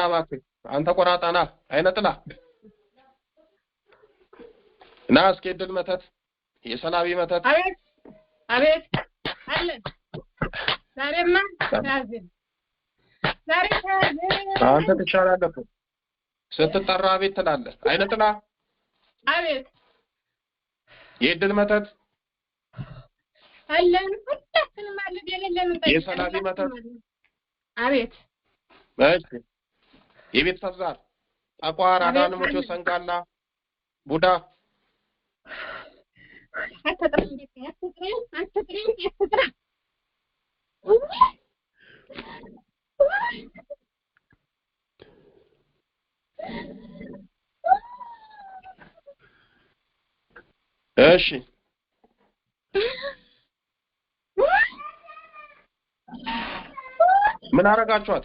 ና እባክህ፣ አንተ ቆራጣ ና፣ አይነጥላ ና፣ አስኬድል መተት፣ የሰላቢ መተት። አቤት አቤት፣ አለን ዛሬማ ያዝን፣ ዛሬ ያዝን። አንተ ትሻላለህ፣ ስትጠራ አቤት ትላለህ። አይነጥላ አቤት፣ የድል መተት አለን ሁላችንም አለን። የሌለን የሰላቢ መተት አቤት። እሺ የቤተሳዛር አቋር አዳንሞቾ ሰንጋላ ቡዳ እሺ ምን አረጋችኋት?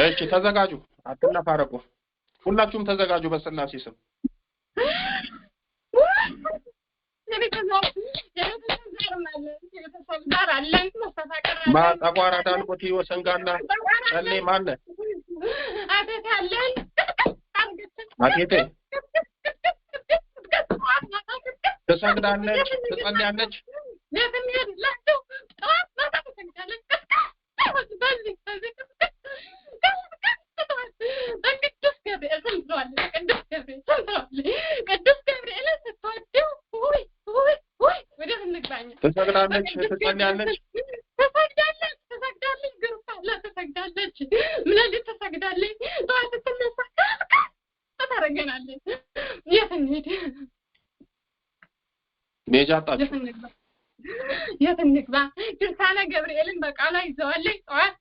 እሺ ተዘጋጁ፣ አትነፋረቁ። ሁላችሁም ተዘጋጁ በስላሴ ስም ማጠቋራ ዳልቆት ወሰንጋና ጸሌ ማነ አቴቴ ትሰግዳለች፣ ትጸልያለች። ቅዱስ ገብርኤል ትሰግዳለች፣ ትጸልያለች የጃጣችሁ የት እንግባ? ድርሳነ ገብርኤልን በቃሏ ይዘዋለች። ጠዋት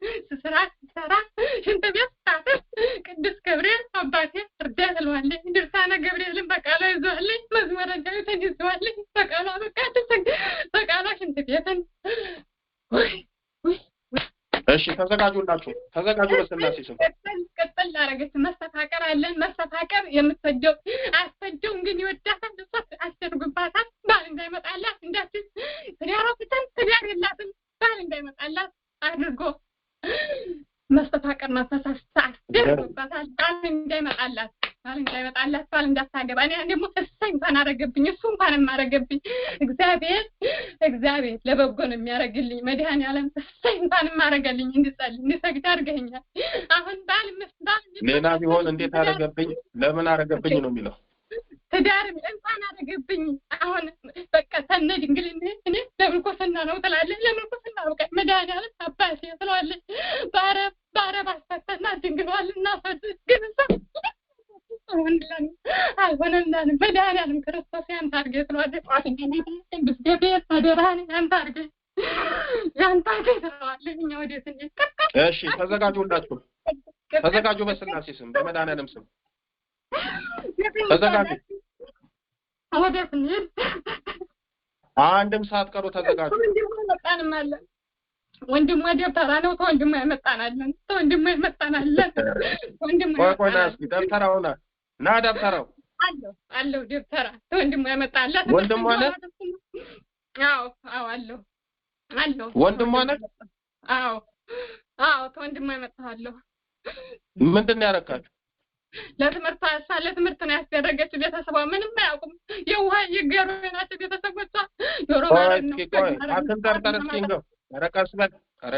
ስራ ስሰራ ሽንት ቤት ቅዱስ ገብርኤል አባቴ ትለዋለች። ድርሳነ ገብርኤልን በቃሏ ይዘዋለች። መዝሙረ ዳዊትን ይዘዋለች። በቃሏ በቃ በቃሏ ሽንት ቤትን እሺ ተዘጋጁላችሁ፣ ተዘጋጁ። ለስላሴ ስም ቀጠል ላረገች መስተፋቀር አለን። መስተፋቀር የምትፈጀው አስፈጀው ግን ይወዳታል፣ እሷ አስደርጉባታል ሳገባ እኔ ደግሞ እሳ እንኳን አረገብኝ እሱ እንኳን የማረገብኝ እግዚአብሔር እግዚአብሔር ለበጎ ነው የሚያደርግልኝ። መድኃኔዓለም እሳ እንኳን የማረገልኝ እንድጸልይ እንድሰግድ አድርገኛል። አሁን ባል ባል ሌላ ቢሆን እንዴት አረገብኝ ለምን አረገብኝ ነው የሚለው ትዳርም እንኳን አረገብኝ። አሁን በቃ ሰነ ድንግል እኔ ለምንኩስና ነው ትላለች። ለምንኩስና በቃ መድኃኒዓለም አባቴ ትለዋለች። በአረብ በአረብ አስፈተና ድንግሏል እናፈድ ግን ሳ አሁን ላ አልሆነላን መድኃኒዓለም ክርስቶስ ያንተ አድርጌ ስለዋደ ጠዋት ብስገብር ያንተ ያንተ እኛ ወዴት እሺ ተዘጋጁ፣ ሁላችሁ ተዘጋጁ። በስላሴ ስም በመድኃኒዓለም ስም ተዘጋጁ። ወዴት አንድም ሰዓት ቀሩ። ተዘጋጁ። ደብተራ ነው። ተወንድሟ የመጣናለን ተወንድሟ የመጣናለን ወንድሟ ቆይ ቆይ ና እስኪ ደብተራው ና ና ደብተራው አለው አለው ደብተራ ወንድሙ ያመጣላት ወንድሟ አዎ አዎ አለው አለው አዎ አዎ ያመጣለሁ። ምንድን ነው ያረካችሁ? ለትምህርት እሷ ለትምህርት ነው ያስደረገችው። ቤተሰቧ ምንም አያውቁም። የውሃ የገሩ ናቸው ቤተሰቦቿ። ዶሮ ማለት ነው። እስኪ እንገው። ኧረ ቀስ በል፣ ኧረ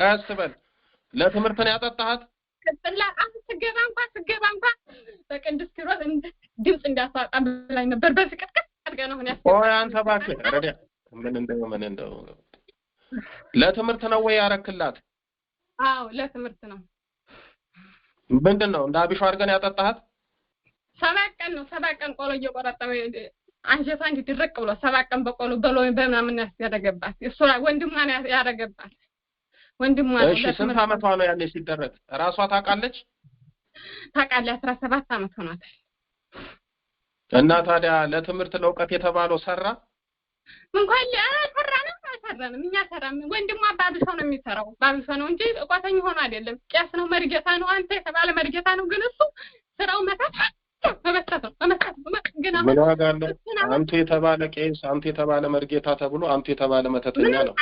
ቀስ በል። ለትምህርት ነው ያጠጣሃት ቅጽላት አንተ ስገባ እንኳ ስገባ እንኳ በቅዱስ ኪሮስ ድምፅ እንዳታወጣ ብላኝ ነበር። በፍቅጥቅጥ አድርገህ ነው ያስገባ። አንተ እባክህ ረዳ ምን እንደው ምን እንደው ለትምህርት ነው ወይ ያረክላት? አዎ ለትምህርት ነው። ምንድን ነው እንደ አብሾ አድርገን ያጠጣሃት? ሰባት ቀን ነው ሰባት ቀን ቆሎ እየቆረጠ አንጀቷ እንዲህ ድርቅ ብሎ ሰባት ቀን በቆሎ በሎሚ በምናምን ያደረገባት እሱ ወንድሟን ያደረገባት ወንድም ነው። እሺ ስንት አመቷ ነው ያኔ ሲደረግ? እራሷ ታውቃለች? ታውቃለች። አስራ ሰባት አመት ሆኗታል። እና ታዲያ ለትምህርት ለእውቀት የተባለው ሰራ እንኳን አልሰራንም አልሰራንም። እኛ ሰራም ወንድሟ ባብሶ ነው የሚሰራው ባብሶ ነው እንጂ እቋተኝ ሆኖ አይደለም። ቄስ ነው መርጌታ ነው አንተ የተባለ መርጌታ ነው። ግን እሱ ስራው መታት ግን አሁን ምን ዋጋ አለው? የተባለ ቄስ፣ አንቱ የተባለ መርጌታ ተብሎ አንቱ የተባለ መተተኛ ነው።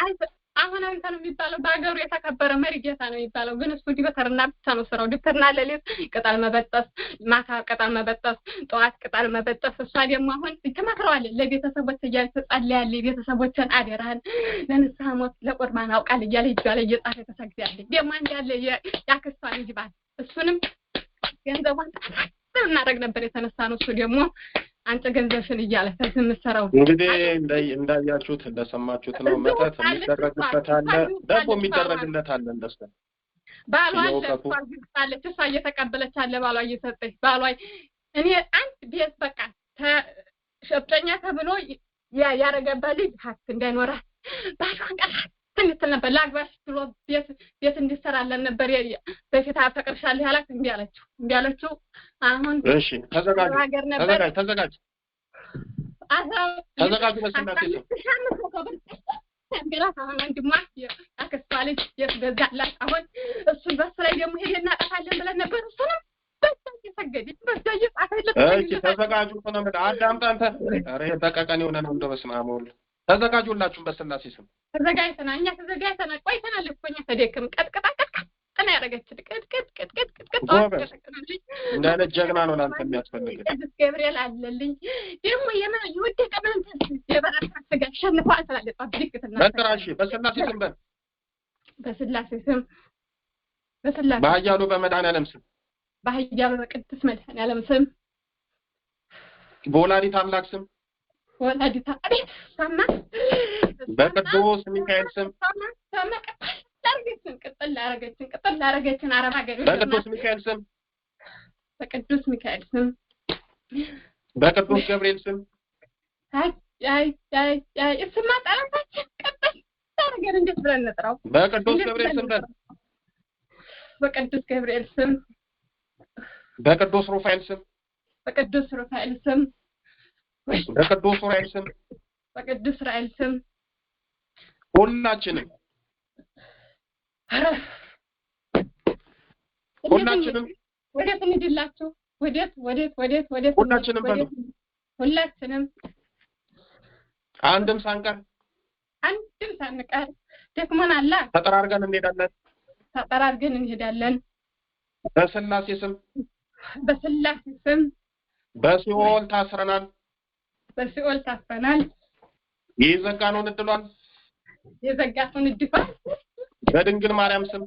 አሁን አንተ ነው የሚባለው። በሀገሩ የተከበረ መሪ ጌታ ነው የሚባለው። ግን እሱ ዲክተርና ብቻ ነው ስራው። ዲክተርና ለሌት ቅጠል መበጠስ፣ ማታ ቅጠል መበጠስ፣ ጠዋት ቅጠል መበጠስ። እሷ ደግሞ አሁን ትመክረዋለች ለቤተሰቦች እያለች ትጸልያለች። የቤተሰቦችን አደራህን ለንስሐ ሞት ለቁርባን አውቃል እያለ ይባለ እየጻፈ ተሰግዳለች። ደግሞ አንድ ያለ ያክስቷን እንጂ ባል እሱንም ገንዘቧን እናደርግ ነበር የተነሳ ነው እሱ ደግሞ አንተ ገንዘብሽን እያለ ከዚህ የምትሰራው እንግዲህ እንዳያችሁት እንደሰማችሁት ነው። መተት የሚደረግበት አለ፣ ደግሞ የሚደረግለት አለ። እንደሱ ባሏን ለእሷ እሷ እየተቀበለች አለ ባሏ እየሰጠች ባሏ እኔ አንድ ቤት በቃ ሸብጠኛ ተብሎ ያረገባ ልጅ ሀብት እንዳይኖራት ስትል ነበር። ላግባሽ ብሎ ቤት ቤት እንዲሰራለን ነበር በፊት አፈቅርሻለሁ ያላት እምቢ አለችው። እምቢ አለችው። አሁን እሺ ተዘጋጅ ተዘጋጅ ተዘጋጁ። አሁን ነው ምን አዳምጣ አንተ ኧረ በቀቀን የሆነ ነው እንደው በስመ አብ ወልድ ተዘጋጁላችሁን በስላሴ ስም ተዘጋጅተናል። እኛ ተዘጋጅተናል። ቆይተናል እኮ እኛ ተደክም ቀጥቅጣ ቀጥቅጥ ነው ያደረገችን። ቅጥቅጥ ቅጥቅጥ ቅጥቅጥ እንደ አይነት ጀግና ነው ለአንተ የሚያስፈልግ። ቅዱስ ገብርኤል አለልኝ ደግሞ የምን የወደቀ ምን የበረታ ስጋ ሸንፏል ስላለባት ድክትና በጥራሽ በስላሴ ስም በል በስላሴ ስም በስላሴ በኃያሉ በመድኃኒዓለም ስም በኃያሉ በቅዱስ መድኃኒዓለም ስም በወላዲት አምላክ ስም ወላዲታ አቤት ሰማ በቅዱስ ሚካኤል ስም ሰማ ሰማ ቅጥል ላረገችን ቅጥል ላረገችን አረብ ሀገር በቅዱስ ሚካኤል ስም በቅዱስ ሚካኤል ስም በቅዱስ ገብርኤል ስም እሱማ ጠላታችን ቅጥል ታረገን እንዴት ብለን እንጥራው? በቅዱስ ገብርኤል ስም በል በቅዱስ ገብርኤል ስም በቅዱስ ሩፋኤል ስም በቅዱስ ሩፋኤል ስም በቅዱስ ዑራኤል ስም በቅዱስ ዑራኤል ስም ሁላችንም ሁላችንም ወዴት እንሂድላችሁ? ወዴት ወዴት ወዴት ወዴት? ሁላችንም ሁላችንም አንድም ሳንቀር አንድም ሳንቀር ደክሞናል። ተጠራርገን እንሄዳለን። ተጠራርገን እንሄዳለን። በስላሴ ስም በስላሴ ስም በሲኦል ታስረናል። በሲኦል ታፈናል። የዘጋነውን እድሏን የዘጋቱን እድሏን በድንግል ማርያም ስም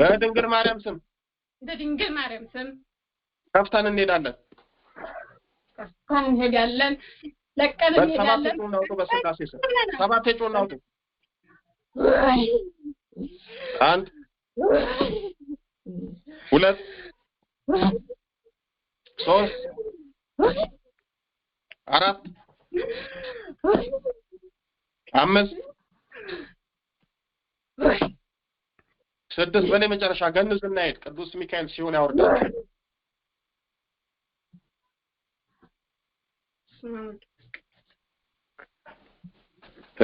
በድንግል ማርያም ስም በድንግል ማርያም ስም ከፍተን እንሄዳለን ከፍተን እንሄዳለን ለቀን እንሄዳለን። በስላሴ ስም ሰባቴ አንድ ሁለት ሶስት አራት አምስት ስድስት በላይ መጨረሻ ገንዝ እናሄድ። ቅዱስ ሚካኤል ሲሆን ያወርዳል።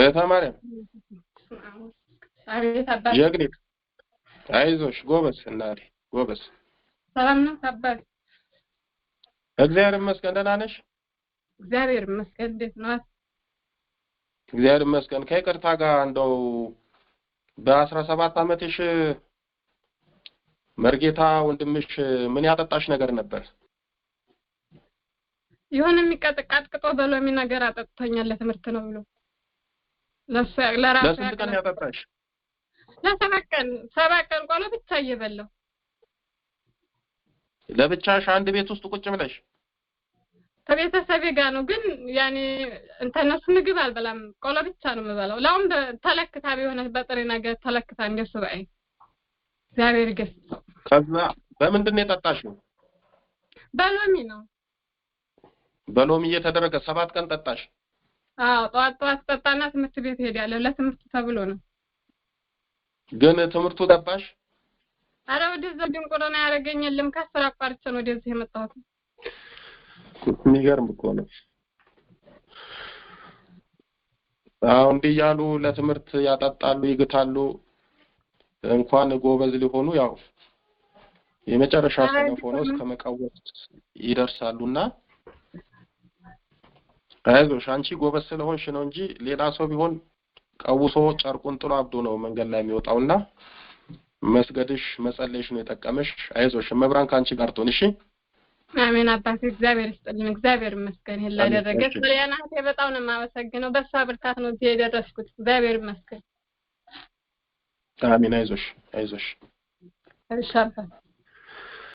እህተ ማርያም የግሪክ አይዞሽ፣ ጎበዝ እናቴ፣ ጎበዝ ሰላም ነው አባት። እግዚአብሔር ይመስገን። ደህና ነሽ? እግዚአብሔር ይመስገን። እንዴት ነው? እግዚአብሔር ይመስገን። ከይቅርታ ጋር እንደው በአስራ ሰባት አመትሽ መርጌታ ወንድምሽ ምን ያጠጣሽ ነገር ነበር? የሆነ የሚቀጥቃጥቅጦ በሎሚ ነገር አጠጥቶኛል ለትምህርት ነው ብሎ ለራሱ ያጠጣሽ? ለሰባት ቀን ሰባት ቀን ቆሎ ብቻ እየበላሁ ለብቻሽ አንድ ቤት ውስጥ ቁጭ ብለሽ ከቤተሰቤ ጋር ነው። ግን ያኔ እንተነሱ ምግብ አልበላም፣ ቆሎ ብቻ ነው የምበላው። ለአሁን ተለክታ ቢሆነ በጥሬ ነገር ተለክታ እንደሱ ሱባኤ እግዚአብሔር ይገስጸው። ከዛ በምንድን ነው ነው? በሎሚ ነው። በሎሚ እየተደረገ ሰባት ቀን ጠጣሽ? አዎ፣ ጠዋት ጠዋት ጠጣና ትምህርት ቤት ሄዳለሁ። ለትምህርት ተብሎ ነው። ግን ትምህርቱ ገባሽ? አረ ወደዛ ድንቁርና ያደረገኝ የለም። ከስራ አቋርጬ ነው ወደዚህ የመጣሁት። የሚገርም እኮ ነው። አሁን እንዲህ እያሉ ለትምህርት ያጠጣሉ፣ ይግታሉ። እንኳን ጎበዝ ሊሆኑ ያው የመጨረሻ ሰነፍ ሆኖ እስከ መቃወስ ይደርሳሉና አይዞሽ አንቺ ጎበዝ ስለሆንሽ ነው እንጂ ሌላ ሰው ቢሆን ቀውሶ ጨርቁን ጥሎ አብዶ ነው መንገድ ላይ የሚወጣውና መስገድሽ መጸለይሽ ነው የጠቀመሽ። አይዞሽ፣ መብራን ከአንቺ ጋር ትሆን። እሺ አሜን። አባቴ እግዚአብሔር ይስጥልን። እግዚአብሔር ይመስገን ይሄን ላደረገች ለያናቴ በጣም ነው የማመሰግነው። በእሷ ብርታት ነው እዚህ የደረስኩት። እግዚአብሔር ይመስገን። አሜን። አይዞሽ፣ አይዞሽ። እሺ አባቴ